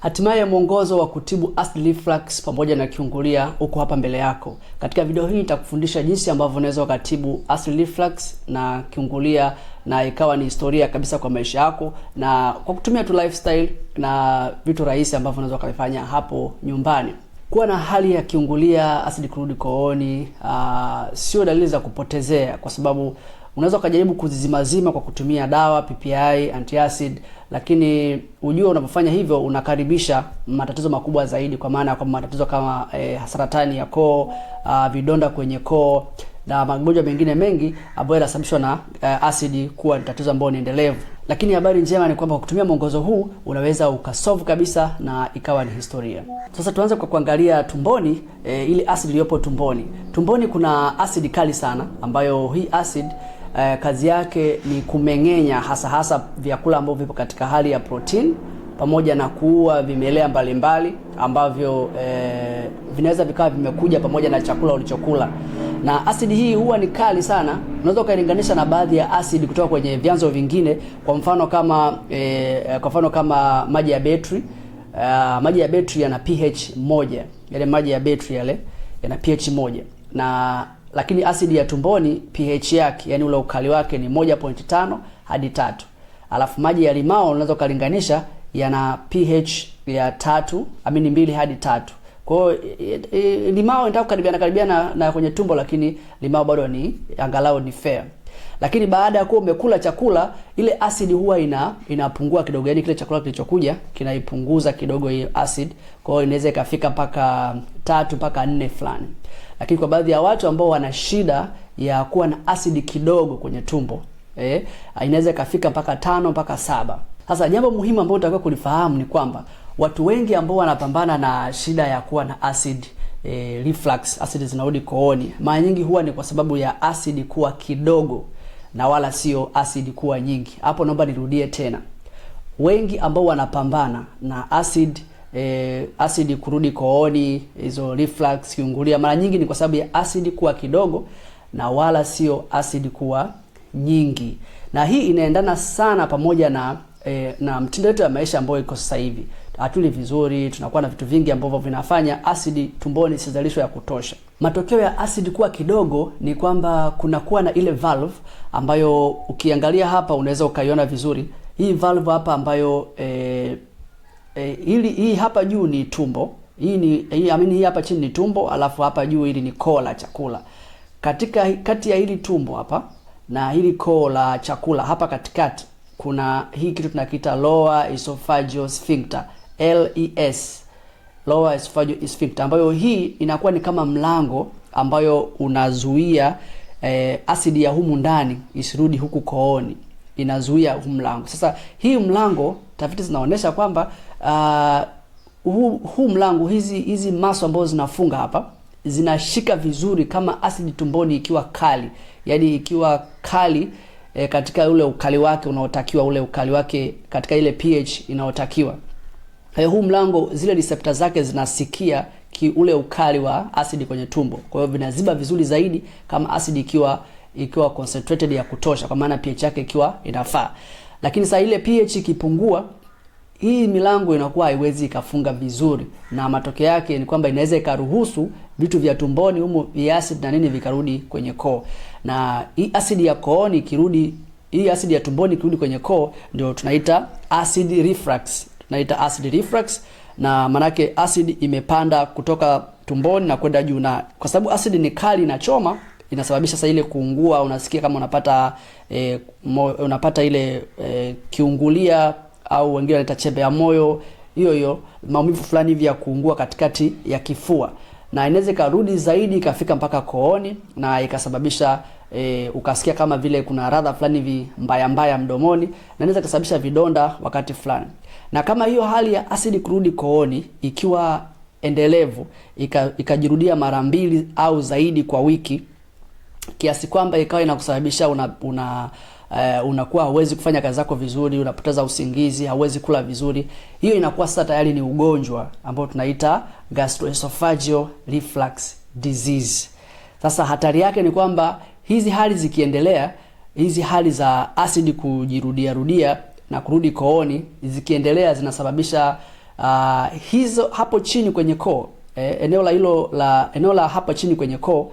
Hatimaye mwongozo wa kutibu acid reflux pamoja na kiungulia uko hapa mbele yako. Katika video hii nitakufundisha jinsi ambavyo unaweza ukatibu acid reflux na kiungulia na ikawa ni historia kabisa kwa maisha yako na kwa kutumia tu lifestyle na vitu rahisi ambavyo unaweza ukavifanya hapo nyumbani. Kuwa na hali ya kiungulia, acid kurudi kooni, uh, sio dalili za kupotezea, kwa sababu unaweza ukajaribu kuzizimazima kwa kutumia dawa PPI, antiacid lakini ujue unapofanya hivyo unakaribisha matatizo makubwa zaidi, kwa maana ya kwamba matatizo kama e, eh, saratani ya koo, ah, vidonda kwenye koo na magonjwa mengine mengi ambayo yanasababishwa na uh, eh, asidi kuwa ni tatizo ambalo ni endelevu. Lakini habari njema ni kwamba kwa kutumia mwongozo huu unaweza ukasolve kabisa na ikawa ni historia. Sasa tuanze kwa kuangalia tumboni, e, ili asidi iliyopo tumboni. Tumboni kuna asidi kali sana ambayo hii asidi eh, kazi yake ni kumeng'enya hasa hasa vyakula ambavyo vipo katika hali ya protein pamoja na kuua vimelea mbalimbali mbali, ambavyo eh, vinaweza vikawa vimekuja pamoja na chakula ulichokula. Na asidi hii huwa ni kali sana, unaweza ukailinganisha na baadhi ya asidi kutoka kwenye vyanzo vingine, kwa mfano kama eh, kwa mfano kama maji ya betri. Uh, maji ya betri yana pH moja, yale maji ya betri yale yana pH moja na lakini asidi ya tumboni pH yake yani ule ukali wake ni 1.5 hadi tatu. Alafu maji ya limao unaweza kulinganisha yana pH ya tatu amini mbili hadi tatu. Kwa hiyo limao inataka kukaribiana karibiana na kwenye tumbo, lakini limao bado ni angalau ni fair. Lakini baada ya kuwa umekula chakula, ile asidi huwa ina inapungua kidogo, yani kile chakula kilichokuja kinaipunguza kidogo hiyo asidi. Kwa hiyo inaweza ikafika mpaka tatu mpaka nne fulani. Lakini kwa baadhi ya watu ambao wana shida ya kuwa na asidi kidogo kwenye tumbo eh, inaweza ikafika mpaka tano mpaka saba. Sasa jambo muhimu ambalo unatakiwa kulifahamu ni kwamba watu wengi ambao wanapambana na shida ya kuwa na asidi E, eh, reflux asidi zinarudi kooni, mara nyingi huwa ni kwa sababu ya asidi kuwa kidogo na wala sio asidi kuwa nyingi. Hapo naomba nirudie tena, wengi ambao wanapambana na asidi e, asidi kurudi kooni, hizo reflux, kiungulia, mara nyingi ni kwa sababu ya asidi kuwa kidogo na wala sio asidi kuwa nyingi, na hii inaendana sana pamoja na e, na mtindo wetu wa maisha ambayo iko sasa hivi. Hatuli vizuri, tunakuwa na vitu vingi ambavyo vinafanya asidi tumboni isizalishwe ya kutosha. Matokeo ya asidi kuwa kidogo ni kwamba kunakuwa na ile valve ambayo ukiangalia hapa unaweza ukaiona vizuri hii valve hapa ambayo e, e, ili hii hapa juu ni tumbo hii ni hii, amini hii hapa chini ni tumbo, alafu hapa juu ili ni koo la chakula. Katika kati ya hili tumbo hapa na hili koo la chakula hapa katikati kuna hii kitu tunakiita lower esophageal sphincter LES, lower esophageal sphincter, ambayo hii inakuwa ni kama mlango ambayo unazuia eh, asidi ya humu ndani isirudi huku kooni, inazuia huu mlango. Sasa hii mlango tafiti zinaonyesha kwamba uh, huu, hu mlango hizi hizi maso ambazo zinafunga hapa zinashika vizuri kama asidi tumboni ikiwa kali, yaani ikiwa kali e, katika ule ukali wake unaotakiwa, ule ukali wake katika ile pH inayotakiwa. Kwa eh, huu mlango zile receptor zake zinasikia ki ule ukali wa asidi kwenye tumbo, kwa hiyo vinaziba vizuri zaidi kama asidi ikiwa ikiwa concentrated ya kutosha, kwa maana pH yake ikiwa inafaa. Lakini saa ile pH ikipungua, hii milango inakuwa haiwezi ikafunga vizuri, na matokeo yake ni kwamba inaweza ikaruhusu vitu vya tumboni humo vya acid na nini vikarudi kwenye koo, na hii asidi ya kooni ikirudi, hii asidi ya tumboni ikirudi kwenye koo, ndio tunaita acid reflux, tunaita acid reflux, na manake asidi imepanda kutoka tumboni na kwenda juu, na kwa sababu asidi ni kali na choma inasababisha sasa ile kuungua, unasikia kama unapata e, mo, unapata ile e, kiungulia au wengine wanaita chembe ya moyo, hiyo hiyo maumivu fulani hivi ya kuungua katikati ya kifua, na inaweza ikarudi zaidi ikafika mpaka kooni na ikasababisha E, ukasikia kama vile kuna radha fulani hivi mbaya mbaya mdomoni na inaweza kusababisha vidonda wakati fulani. Na kama hiyo hali ya asidi kurudi kooni ikiwa endelevu ikajirudia ika mara mbili au zaidi kwa wiki kiasi kwamba ikawa inakusababisha una, una uh, unakuwa hauwezi kufanya kazi zako vizuri, unapoteza usingizi, hauwezi kula vizuri. Hiyo inakuwa sasa tayari ni ugonjwa ambao tunaita gastroesophageal reflux disease. Sasa hatari yake ni kwamba hizi hali zikiendelea, hizi hali za asidi kujirudia rudia na kurudi kooni zikiendelea, zinasababisha uh, hizo hapo chini kwenye koo eh, eneo la hilo la eneo la hapa chini kwenye koo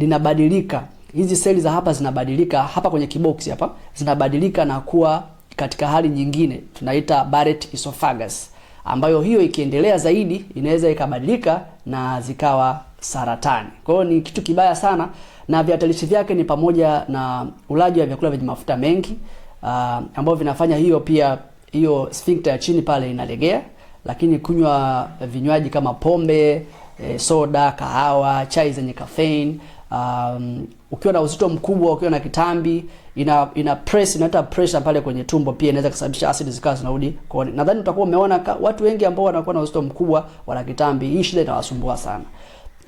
linabadilika, hizi seli za hapa zinabadilika, hapa kwenye kiboksi hapa zinabadilika na kuwa katika hali nyingine tunaita Barrett esophagus, ambayo hiyo ikiendelea zaidi inaweza ikabadilika na zikawa saratani. Kwa ni kitu kibaya sana, na vihatarishi vyake ni pamoja na ulaji wa vyakula vyenye mafuta mengi uh, ambao vinafanya hiyo pia hiyo sphincter ya chini pale inalegea, lakini kunywa vinywaji kama pombe, e, soda, kahawa, chai zenye caffeine um, ukiwa na uzito mkubwa, ukiwa na kitambi, ina ina press inaleta pressure pale kwenye tumbo, pia inaweza kusababisha asidi zikawa zinarudi kooni. Nadhani utakuwa umeona watu wengi ambao wanakuwa na uzito mkubwa wana kitambi, hii shida inawasumbua sana.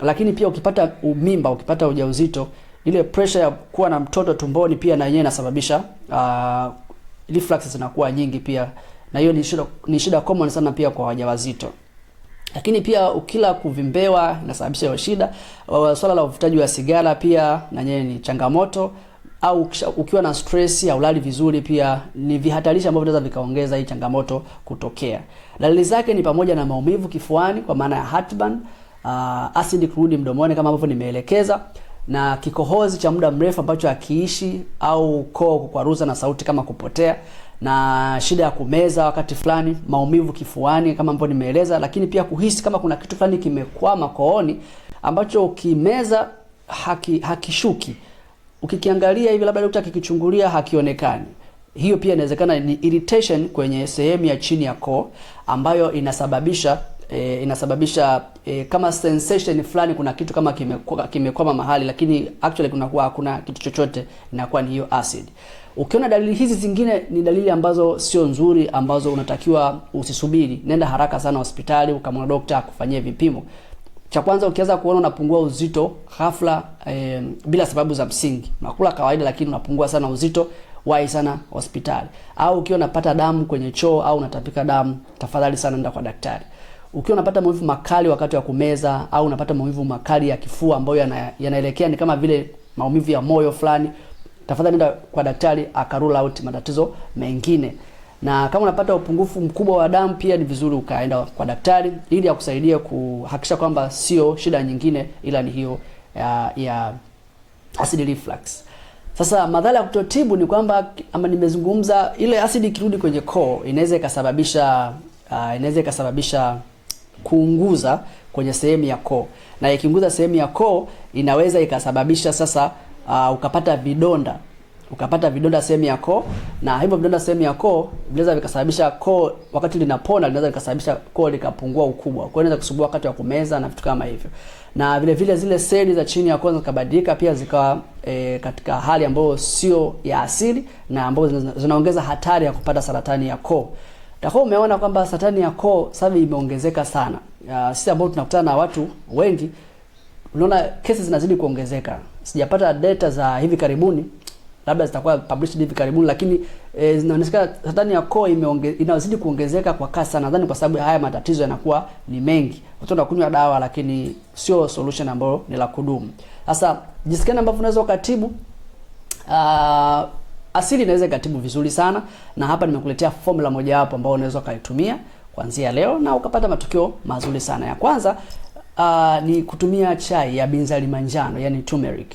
Lakini pia ukipata mimba, ukipata ujauzito, ile pressure ya kuwa na mtoto tumboni pia na yenyewe inasababisha uh, reflux zinakuwa nyingi pia, na hiyo ni shida, ni shida common sana pia kwa wajawazito. Lakini pia ukila kuvimbewa inasababisha shida. Swala la uvutaji wa sigara pia na ni changamoto au ukiwa na stress haulali vizuri, pia ni vihatarishi ambavyo vinaweza vikaongeza hii changamoto kutokea. Dalili zake ni pamoja na maumivu kifuani kwa maana ya heartburn, uh, acid kurudi mdomoni kama ambavyo nimeelekeza, na kikohozi cha muda mrefu ambacho akiishi au koo kukwaruza na sauti kama kupotea na shida ya kumeza wakati fulani, maumivu kifuani kama ambavyo nimeeleza, lakini pia kuhisi kama kuna kitu fulani kimekwama kooni ambacho ukimeza haki, hakishuki. Ukikiangalia hivi labda daktari akikichungulia hakionekani. Hiyo pia inawezekana ni irritation kwenye sehemu ya chini ya koo ambayo inasababisha E, inasababisha e, kama sensation fulani, kuna kitu kama kimekwama kime mahali, lakini actually kunakuwa hakuna kitu chochote, inakuwa ni hiyo acid. Ukiona dalili hizi zingine ni dalili ambazo sio nzuri, ambazo unatakiwa usisubiri, nenda haraka sana hospitali ukamwona dokta akufanyie vipimo. Cha kwanza, ukianza kuona unapungua uzito ghafla e, bila sababu za msingi, unakula kawaida lakini unapungua sana uzito, wahi sana hospitali. Au ukiwa unapata damu kwenye choo au unatapika damu, tafadhali sana nenda kwa daktari. Ukiwa unapata maumivu makali wakati wa kumeza au unapata maumivu makali ya kifua ambayo yanaelekea ni kama vile maumivu ya moyo fulani tafadhali nenda kwa daktari aka out matatizo mengine. Na kama unapata upungufu mkubwa wa damu, pia ni vizuri ukaenda kwa daktari ili akusaidie kuhakikisha kwamba sio shida nyingine, ila ni hiyo ya, ya acid reflux. Sasa madhara ya kutotibu ni kwamba ama nimezungumza, ile asidi ikirudi kwenye koo inaweza ikasababisha uh, inaweza ikasababisha kuunguza kwenye sehemu ya koo, na ikiunguza sehemu ya koo inaweza ikasababisha sasa uh, ukapata vidonda ukapata vidonda sehemu ya koo, na hivyo vidonda sehemu ya koo vinaweza vikasababisha koo wakati linapona linaweza vikasababisha koo likapungua ukubwa, kwa hiyo inaweza kusumbua wakati wa kumeza na vitu kama hivyo. Na vile vile zile seli za chini ya koo zikabadilika pia zikawa e, katika hali ambayo sio ya asili na ambayo zinaongeza hatari ya kupata saratani ya koo. Tako umeona kwamba saratani ya koo sasa imeongezeka sana. Uh, sisi ambao tunakutana na watu wengi unaona kesi zinazidi kuongezeka sijapata data za hivi karibuni, labda zitakuwa published hivi karibuni, lakini e, zinaonekana satani ya koo imeonge, inazidi kuongezeka kwa kasi sana. Nadhani kwa sababu haya matatizo yanakuwa ni mengi, watu wanakunywa dawa lakini sio solution ambayo ni la kudumu. Sasa jinsi gani ambavyo unaweza ukatibu uh, asili inaweza ikatibu vizuri sana, na hapa nimekuletea formula moja hapo ambayo unaweza ukaitumia kuanzia leo na ukapata matokeo mazuri sana. Ya kwanza uh, ni kutumia chai ya binzari manjano, yani turmeric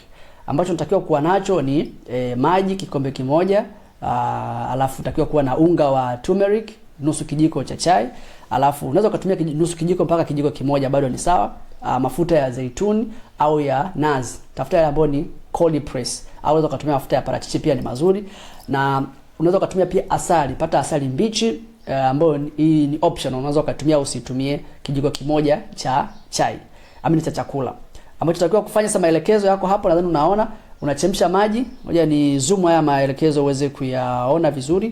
ambacho natakiwa kuwa nacho ni e, maji kikombe kimoja, aa, ah, alafu natakiwa kuwa na unga wa turmeric nusu kijiko cha chai, alafu unaweza ukatumia kij, nusu kijiko mpaka kijiko kimoja bado ni sawa. Aa, ah, mafuta ya zeituni au ya nazi, tafuta yale ambayo ni cold press, au unaweza ukatumia mafuta ya parachichi pia ni mazuri, na unaweza ukatumia pia asali, pata asali mbichi uh, ambayo hii ni option unaweza ukatumia usitumie kijiko kimoja cha chai amini cha chakula ambacho tunatakiwa kufanya. Sasa maelekezo yako hapo, nadhani unaona, unachemsha maji. Ngoja ni zoom haya maelekezo uweze kuyaona vizuri.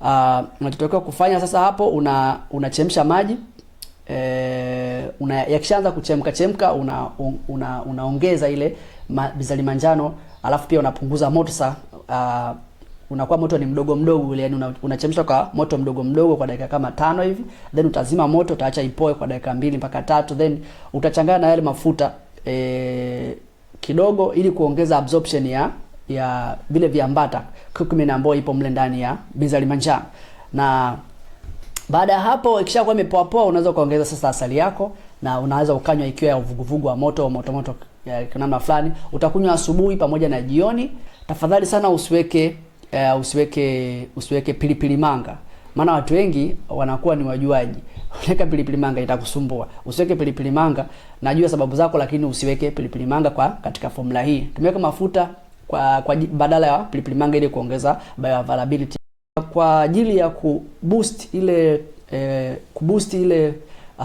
Uh, ah, unachotakiwa kufanya sasa hapo una unachemsha maji e, una yakishaanza kuchemka chemka una, una unaongeza ile ma, bizali manjano, alafu pia unapunguza moto sasa uh, ah, unakuwa moto ni mdogo mdogo ule, yani unachemsha una kwa moto mdogo mdogo kwa dakika kama tano hivi, then utazima moto, utaacha ipoe kwa dakika mbili mpaka tatu, then utachanganya na yale mafuta e, kidogo ili kuongeza absorption ya ya vile viambata curcumin ambayo ipo mle ndani ya bizari manjano. Na baada ya hapo ikishakuwa imepoapoa, unaweza ukaongeza sasa asali yako na unaweza ukanywa ikiwa ya uvuguvugu wa moto au moto moto namna fulani. Utakunywa asubuhi pamoja na jioni. Tafadhali sana usiweke uh, usiweke usiweke pilipili manga maana watu wengi wanakuwa ni wajuaji. Unaweka pilipili manga itakusumbua. Usiweke pilipili manga, najua sababu zako, lakini usiweke pilipili manga kwa katika formula hii. Tumeweka mafuta kwa, kwa badala ya pilipili manga ili kuongeza bioavailability kwa ajili ya kuboost ile eh, kuboost ile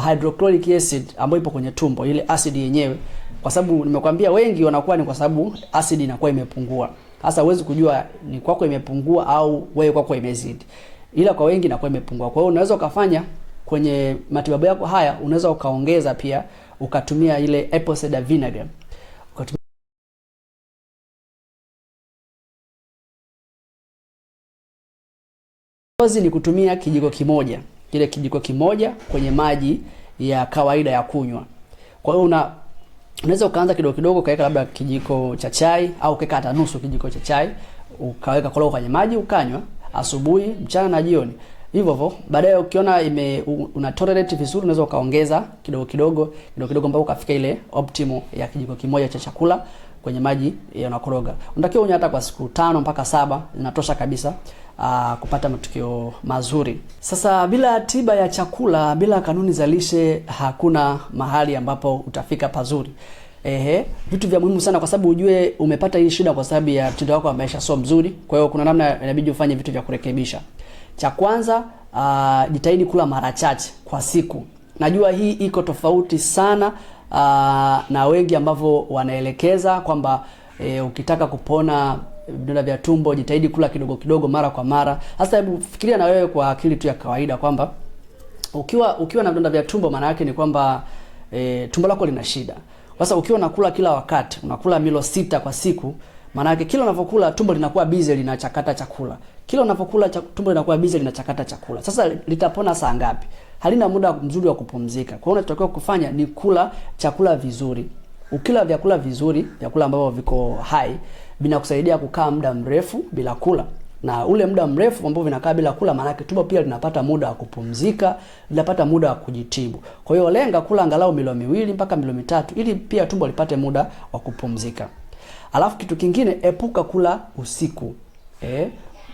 hydrochloric acid ambayo ipo kwenye tumbo, ile asidi yenyewe, kwa sababu nimekwambia wengi wanakuwa ni kwa sababu asidi inakuwa imepungua. Sasa huwezi kujua ni kwako kwa imepungua au wewe kwako kwa imezidi ila kwa wengi inakuwa imepungua. Kwa hiyo unaweza ukafanya kwenye matibabu yako haya, unaweza ukaongeza pia ukatumia ile apple cider vinegar ukatumia ni kutumia kijiko kimoja, kile kijiko kimoja kwenye maji ya kawaida ya kunywa. Kwa hiyo una unaweza ukaanza kidogo kidogo, ukaweka labda kijiko cha chai au ukaweka hata nusu kijiko cha chai, ukaweka kolo kwenye maji ukanywa asubuhi, mchana na jioni. Hivyo hivyo baadaye ukiona ime una tolerate vizuri unaweza ukaongeza kidogo kidogo kidogo kidogo mpaka ukafika ile optimal ya kijiko kimoja cha chakula kwenye maji yanakoroga. Unatakiwa unywe hata kwa siku tano mpaka saba inatosha kabisa aa, ah, kupata matukio mazuri. Sasa bila tiba ya chakula, bila kanuni za lishe hakuna mahali ambapo utafika pazuri. Ehe, vitu vya muhimu sana kwa sababu ujue umepata hii shida kwa sababu ya mtindo wako wa maisha sio mzuri. Kwa hiyo kuna namna inabidi ufanye vitu vya kurekebisha. Cha kwanza, uh, jitahidi kula mara chache kwa siku. Najua hii iko tofauti sana uh, na wengi ambavyo wanaelekeza kwamba e, ukitaka kupona vidonda vya tumbo jitahidi kula kidogo kidogo mara kwa mara. Sasa hebu fikiria na wewe kwa akili tu ya kawaida kwamba ukiwa ukiwa na vidonda vya tumbo maana yake ni kwamba e, tumbo lako lina shida. Sasa ukiwa unakula kila wakati, unakula milo sita kwa siku, maana yake kila unavyokula tumbo linakuwa busy linachakata chakula. Kila unavyokula tumbo linakuwa busy linachakata chakula. Sasa litapona saa ngapi? Halina muda mzuri wa kupumzika. Kwa hiyo unachotakiwa kufanya ni kula chakula vizuri. Ukila vyakula vizuri, vyakula ambavyo viko hai, vinakusaidia kukaa muda mrefu bila kula na ule muda mrefu ambao vinakaa bila kula, maanake tumbo pia linapata muda wa kupumzika, linapata muda wa kujitibu. Kwa hiyo lenga kula angalau milo miwili mpaka milo mitatu, ili pia tumbo lipate muda wa kupumzika. Alafu kitu kingine, epuka kula usiku eh,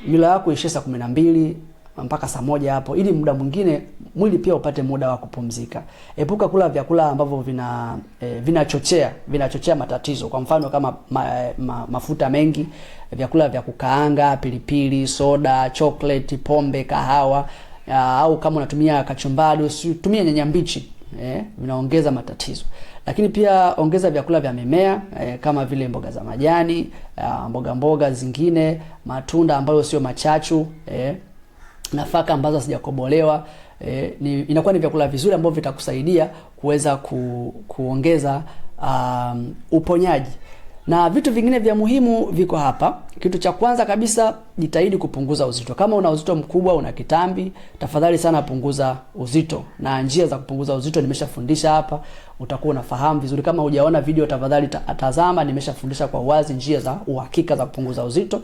milo yako ishe saa kumi na mbili mpaka saa moja hapo, ili muda mwingine mwili pia upate muda wa kupumzika. Epuka kula vyakula ambavyo vina e, vinachochea vinachochea matatizo, kwa mfano kama ma, e, ma, mafuta mengi, vyakula vya kukaanga, pilipili, soda, chocolate, pombe, kahawa ya, au kama unatumia kachumbari usitumie nyanya mbichi eh, vinaongeza matatizo. Lakini pia ongeza vyakula vya mimea eh, kama vile mboga za majani, mboga mboga zingine, matunda ambayo sio machachu eh, nafaka ambazo hazijakobolewa e, ni, inakuwa ni vyakula vizuri ambavyo vitakusaidia kuweza ku, kuongeza um, uponyaji na vitu vingine vya muhimu viko hapa. Kitu cha kwanza kabisa, jitahidi kupunguza uzito. Kama una uzito mkubwa, una kitambi, tafadhali sana punguza uzito, na njia za kupunguza uzito nimeshafundisha hapa, utakuwa unafahamu vizuri. Kama hujaona video, tafadhali tazama, nimeshafundisha kwa wazi njia za uhakika za kupunguza uzito.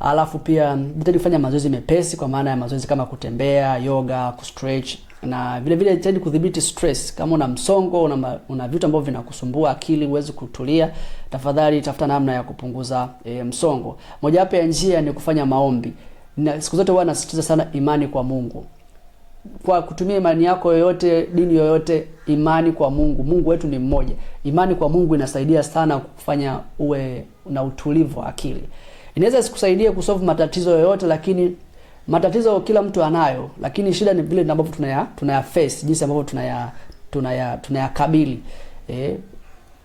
Alafu pia jitahidi kufanya mazoezi mepesi, kwa maana ya mazoezi kama kutembea, yoga, kustretch na vile vile jitahidi kudhibiti stress. Kama una msongo, una, una vitu ambavyo vinakusumbua akili, huwezi kutulia, tafadhali tafuta namna ya kupunguza e, msongo. moja wapo ya njia ni kufanya maombi. Na siku zote huwa nasisitiza sana imani kwa Mungu. Kwa kutumia imani yako yoyote, dini yoyote, imani kwa Mungu. Mungu wetu ni mmoja. Imani kwa Mungu inasaidia sana kufanya uwe na utulivu wa akili. Inaweza sikusaidia kusolve matatizo yoyote, lakini matatizo kila mtu anayo, lakini shida ni vile ambavyo tunaya tunaya face, jinsi ambavyo tunaya tunaya tunayakabili. Eh,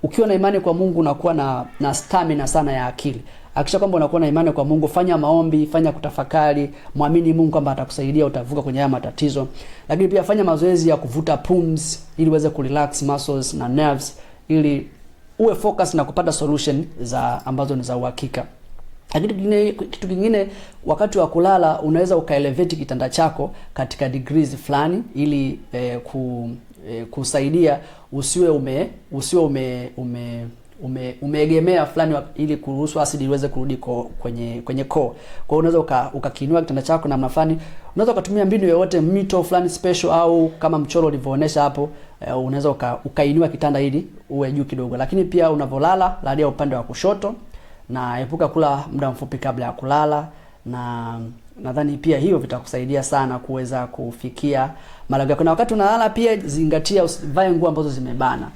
ukiwa na imani kwa Mungu unakuwa na na stamina sana ya akili. Hakikisha kwamba unakuwa na imani kwa Mungu, fanya maombi, fanya kutafakari, mwamini Mungu kwamba atakusaidia, utavuka kwenye haya matatizo. Lakini pia fanya mazoezi ya kuvuta pumzi ili uweze kurelax muscles na nerves ili uwe focus na kupata solution za ambazo ni za uhakika. Lakini kitu kingine wakati wa kulala unaweza ukaelevate kitanda chako katika degrees fulani ili eh, ku, eh, kusaidia usiwe ume usiwe ume, ume ume, umeegemea fulani ili kuruhusu asidi iweze kurudi ko, kwenye kwenye koo. Kwa hiyo unaweza uka, ukakiinua kitanda chako namna fulani. Unaweza ukatumia mbinu yoyote mito fulani special au kama mchoro ulivyoonyesha hapo, eh, unaweza uka, ukainua kitanda ili uwe juu kidogo. Lakini pia unavyolala lalia upande wa kushoto na epuka kula muda mfupi kabla ya kulala, na nadhani pia hivyo vitakusaidia sana kuweza kufikia malengo yako. Na wakati unalala pia zingatia, usivae nguo ambazo zimebana.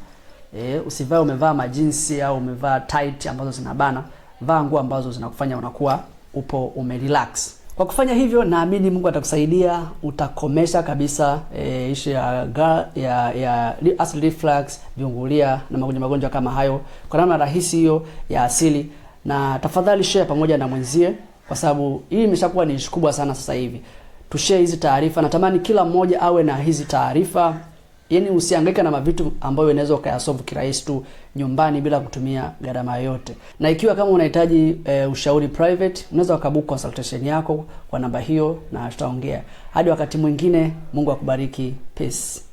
E, usivae umevaa majinsi au umevaa tight ambazo zinabana. Vaa nguo ambazo zinakufanya unakuwa upo umerelax. Kwa kufanya hivyo, naamini Mungu atakusaidia, utakomesha kabisa e, ishu ya, ya, ya acid reflux, viungulia na magonjwa magonjwa kama hayo kwa namna rahisi hiyo ya asili na tafadhali share pamoja na mwenzie, kwa sababu hii imeshakuwa ni ishu kubwa sana sasa hivi. Tushare hizi taarifa, natamani kila mmoja awe na hizi taarifa, yaani usihangaika na mavitu ambayo unaweza ukayasolve kirahisi tu nyumbani bila kutumia gharama yoyote. Na ikiwa kama unahitaji e, ushauri private, unaweza ukabook consultation yako kwa namba hiyo na tutaongea. Hadi wakati mwingine, Mungu akubariki. Peace.